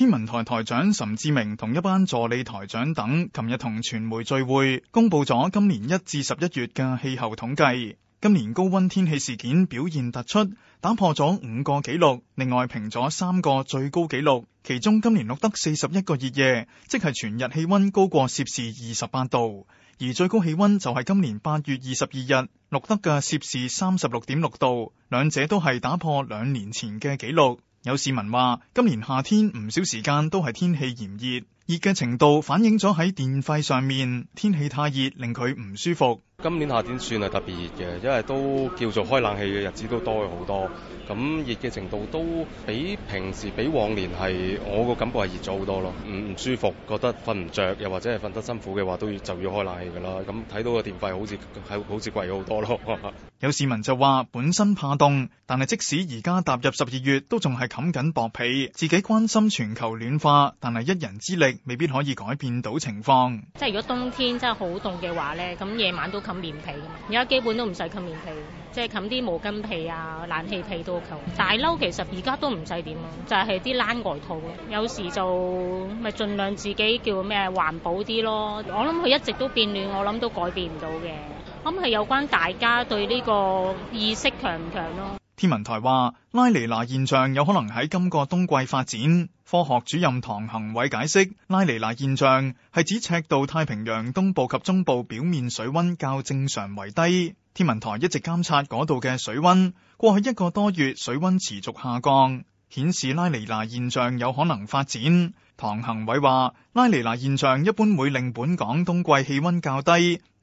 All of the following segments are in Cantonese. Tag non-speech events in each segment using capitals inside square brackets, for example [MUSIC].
天文台台長岑智明同一班助理台長等，琴日同傳媒聚會，公布咗今年一至十一月嘅氣候統計。今年高溫天氣事件表現突出，打破咗五個紀錄，另外平咗三個最高紀錄。其中今年錄得四十一個熱夜，即係全日氣溫高過攝氏二十八度，而最高氣溫就係今年八月二十二日錄得嘅攝氏三十六點六度，兩者都係打破兩年前嘅紀錄。有市民話，今年夏天唔少時間都係天氣炎熱。熱嘅程度反映咗喺電費上面，天氣太熱令佢唔舒服。今年夏天算係特別熱嘅，因為都叫做開冷氣嘅日子都多咗好多。咁熱嘅程度都比平時比往年係我個感覺係熱咗好多咯，唔、唔舒服，覺得瞓唔着，又或者係瞓得辛苦嘅話都要就要開冷氣噶啦。咁睇到個電費好似係好似貴咗好多咯。 [LAUGHS] 有市民就話本身怕凍，但係即使而家踏入十二月都仲係冚緊薄被，自己關心全球暖化，但係一人之力。未必可以改變到情況，即係如果冬天真係好凍嘅話咧，咁夜晚都冚棉被。而家基本都唔使冚棉被，即係冚啲毛巾被啊、冷氣被都好。 [NOISE] 大褸其實而家都唔使點啊，就係、是、啲冷外套。有時就咪盡量自己叫咩環保啲咯。我諗佢一直都變暖，我諗都改變唔到嘅。咁係有關大家對呢個意識強唔強咯。天文台話，拉尼娜現象有可能喺今個冬季發展。科學主任唐恒偉解釋，拉尼娜現象係指赤道太平洋東部及中部表面水溫較正常為低。天文台一直監察嗰度嘅水溫，過去一個多月水溫持續下降，顯示拉尼娜現象有可能發展。唐恒偉話，拉尼娜現象一般會令本港冬季氣溫較低。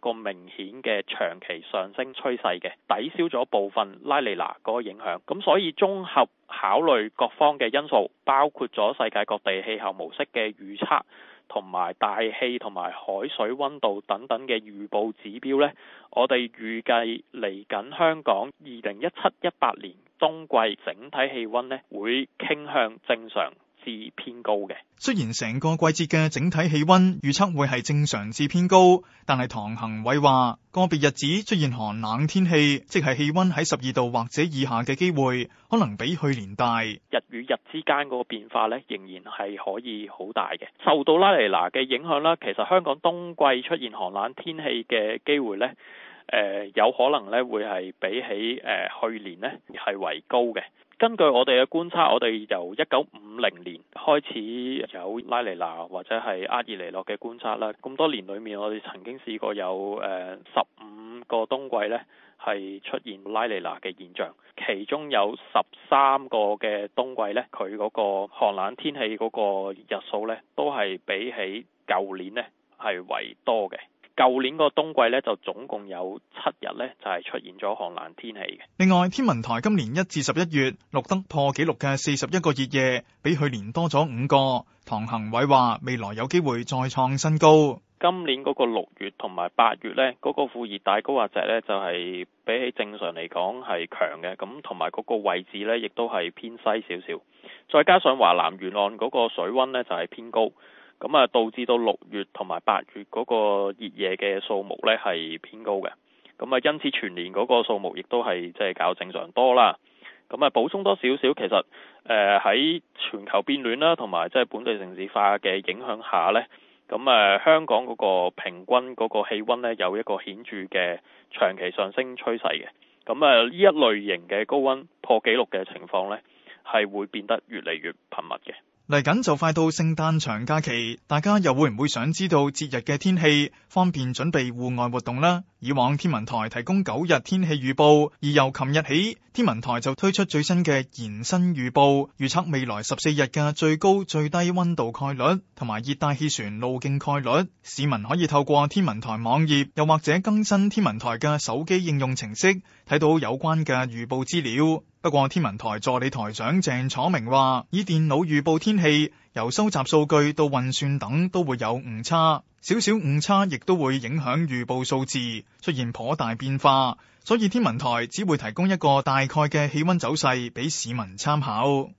個明顯嘅長期上升趨勢嘅抵消咗部分拉尼娜嗰個影響，咁所以綜合考慮各方嘅因素，包括咗世界各地氣候模式嘅預測，同埋大氣同埋海水溫度等等嘅預報指標呢，我哋預計嚟緊香港二零一七一八年冬季整體氣溫呢，會傾向正常，至偏高嘅。雖然成個季節嘅整體氣温預測會係正常至偏高，但係唐恒偉話，個別日子出現寒冷天氣，即係氣温喺十二度或者以下嘅機會，可能比去年大。日與日之間嗰個變化呢，仍然係可以好大嘅。受到拉尼娜嘅影響啦，其實香港冬季出現寒冷天氣嘅機會呢。誒、呃、有可能咧，會係比起誒、呃、去年咧係為高嘅。根據我哋嘅觀察，我哋由一九五零年開始有拉尼娜或者係厄爾尼諾嘅觀察啦。咁多年裏面，我哋曾經試過有誒十五個冬季咧，係出現拉尼娜嘅現象，其中有十三個嘅冬季咧，佢嗰個寒冷天氣嗰個日數咧，都係比起舊年咧係為多嘅。舊年個冬季咧，就總共有七日咧，就係、是、出現咗寒冷天氣嘅。另外，天文台今年一至十一月錄得破紀錄嘅四十一個熱夜，比去年多咗五個。唐恒偉話：未來有機會再創新高。今年嗰個六月同埋八月呢，嗰、那個副熱帶高壓脊咧，就係、是、比起正常嚟講係強嘅，咁同埋嗰個位置呢，亦都係偏西少少。再加上華南沿岸嗰個水温呢，就係、是、偏高。咁啊，導致到六月同埋八月嗰個熱夜嘅數目呢，係偏高嘅。咁啊，因此全年嗰個數目亦都係即係較正常多啦。咁啊，補充多少少，其實誒喺、呃、全球變暖啦，同埋即係本地城市化嘅影響下呢，咁誒香港嗰個平均嗰個氣温呢，有一個顯著嘅長期上升趨勢嘅。咁啊，呢一類型嘅高温破紀錄嘅情況呢，係會變得越嚟越頻密嘅。嚟緊就快到聖誕長假期，大家又會唔會想知道節日嘅天氣，方便準備戶外活動啦？以往天文台提供九日天氣預報，而由琴日起，天文台就推出最新嘅延伸預報，預測未來十四日嘅最高、最低溫度概率，同埋熱帶氣旋路徑概率。市民可以透過天文台網頁又或者更新天文台嘅手機應用程式，睇到有關嘅預報資料。不過天文台助理台長鄭楚明話，以電腦預報天氣，由收集數據到運算等都會有誤差，少少誤差亦都會影響預報數字，出現頗大變化，所以天文台只會提供一個大概嘅氣溫走勢俾市民參考。